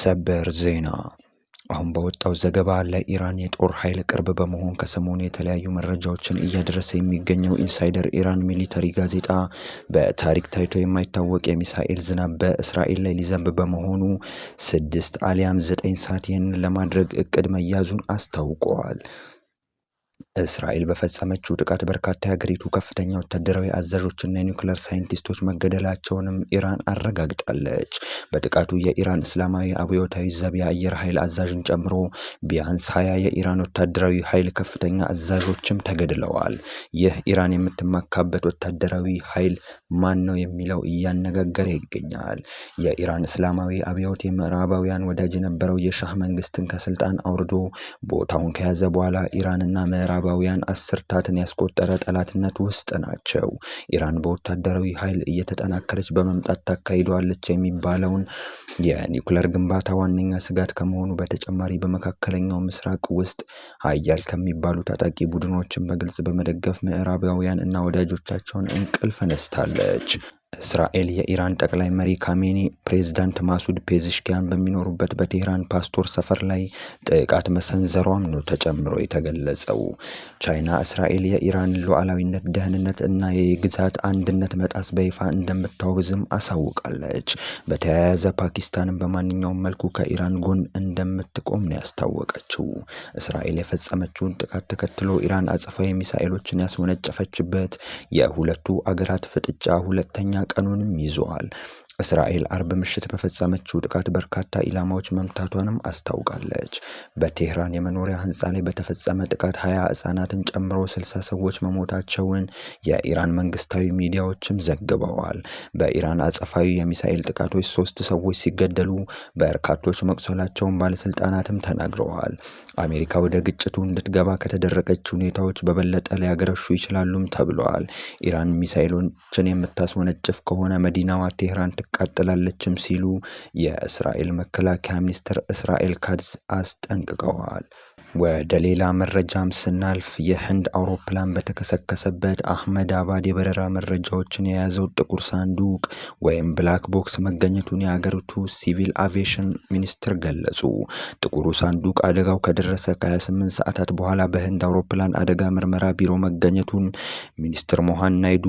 ሰበር ዜና አሁን በወጣው ዘገባ ለኢራን የጦር ኃይል ቅርብ በመሆን ከሰሞኑ የተለያዩ መረጃዎችን እያደረሰ የሚገኘው ኢንሳይደር ኢራን ሚሊተሪ ጋዜጣ በታሪክ ታይቶ የማይታወቅ የሚሳኤል ዝናብ በእስራኤል ላይ ሊዘንብ በመሆኑ ስድስት አሊያም ዘጠኝ ሰዓት ይህንን ለማድረግ እቅድ መያዙን አስታውቀዋል። እስራኤል በፈጸመችው ጥቃት በርካታ የሀገሪቱ ከፍተኛ ወታደራዊ አዛዦችና የኒውክለር ሳይንቲስቶች መገደላቸውንም ኢራን አረጋግጣለች። በጥቃቱ የኢራን እስላማዊ አብዮታዊ ዘብ የአየር ኃይል አዛዥን ጨምሮ ቢያንስ ሀያ የኢራን ወታደራዊ ኃይል ከፍተኛ አዛዦችም ተገድለዋል። ይህ ኢራን የምትመካበት ወታደራዊ ኃይል ማን ነው የሚለው እያነጋገረ ይገኛል። የኢራን እስላማዊ አብዮት የምዕራባውያን ወዳጅ የነበረው የሻህ መንግስትን ከስልጣን አውርዶ ቦታውን ከያዘ በኋላ ኢራንና ምዕራባውያን አስርታትን ያስቆጠረ ጠላትነት ውስጥ ናቸው። ኢራን በወታደራዊ ኃይል እየተጠናከረች በመምጣት ታካሂደዋለች የሚባለውን የኒውክለር ግንባታ ዋነኛ ስጋት ከመሆኑ በተጨማሪ በመካከለኛው ምስራቅ ውስጥ ሀያል ከሚባሉ ታጣቂ ቡድኖችን በግልጽ በመደገፍ ምዕራባውያን እና ወዳጆቻቸውን እንቅልፍ ነስታለ Village እስራኤል የኢራን ጠቅላይ መሪ ካሜኒ ፕሬዝዳንት ማሱድ ፔዝሽኪያን በሚኖሩበት በቴህራን ፓስቶር ሰፈር ላይ ጥቃት መሰንዘሯም ነው ተጨምሮ የተገለጸው። ቻይና እስራኤል የኢራን ሉዓላዊነት፣ ደህንነት እና የግዛት አንድነት መጣስ በይፋ እንደምታወግዝም አሳውቃለች። በተያያዘ ፓኪስታንን በማንኛውም መልኩ ከኢራን ጎን እንደምትቆም ነው ያስታወቀችው። እስራኤል የፈጸመችውን ጥቃት ተከትሎ ኢራን አጸፋዊ ሚሳኤሎችን ያስወነጨፈችበት የሁለቱ አገራት ፍጥጫ ሁለተኛ ቀኑንም ይዘዋል። እስራኤል አርብ ምሽት በፈጸመችው ጥቃት በርካታ ኢላማዎች መምታቷንም አስታውቃለች። በቴህራን የመኖሪያ ህንፃ ላይ በተፈጸመ ጥቃት ሀያ ህጻናትን ጨምሮ ስልሳ ሰዎች መሞታቸውን የኢራን መንግስታዊ ሚዲያዎችም ዘግበዋል። በኢራን አጸፋዊ የሚሳኤል ጥቃቶች ሶስት ሰዎች ሲገደሉ በርካቶች መቁሰላቸውን ባለስልጣናትም ተናግረዋል። አሜሪካ ወደ ግጭቱ እንድትገባ ከተደረገች ሁኔታዎች በበለጠ ሊያገረሹ ይችላሉም ተብለዋል። ኢራን ሚሳኤሎችን የምታስወነጭፍ ከሆነ መዲናዋ ቴህራን ታቃጥላለችም ሲሉ የእስራኤል መከላከያ ሚኒስትር እስራኤል ካድስ አስጠንቅቀዋል። ወደ ሌላ መረጃም ስናልፍ የህንድ አውሮፕላን በተከሰከሰበት አህመድ አባድ የበረራ መረጃዎችን የያዘው ጥቁር ሳንዱቅ ወይም ብላክ ቦክስ መገኘቱን የአገሪቱ ሲቪል አቪዬሽን ሚኒስትር ገለጹ። ጥቁሩ ሳንዱቅ አደጋው ከደረሰ ከ28 ሰዓታት በኋላ በህንድ አውሮፕላን አደጋ ምርመራ ቢሮ መገኘቱን ሚኒስትር ሞሃን ናይዱ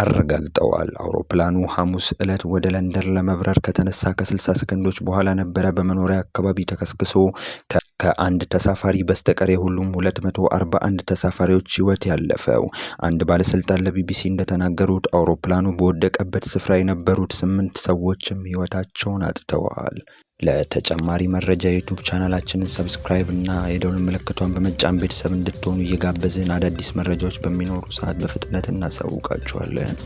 አረጋግጠዋል። አውሮፕላኑ ሐሙስ ዕለት ወደ ለንደን ለመብረር ከተነሳ ከ60 ሰከንዶች በኋላ ነበረ በመኖሪያ አካባቢ ተከስክሶ ከአንድ ተሳፋሪ በስተቀር የሁሉም 241 ተሳፋሪዎች ህይወት ያለፈው። አንድ ባለስልጣን ለቢቢሲ እንደተናገሩት አውሮፕላኑ በወደቀበት ስፍራ የነበሩት ስምንት ሰዎችም ህይወታቸውን አጥተዋል። ለተጨማሪ መረጃ የዩቱብ ቻናላችንን ሰብስክራይብ እና የደውል ምልክቷን በመጫን ቤተሰብ እንድትሆኑ እየጋበዝን አዳዲስ መረጃዎች በሚኖሩ ሰዓት በፍጥነት እናሳውቃችኋለን።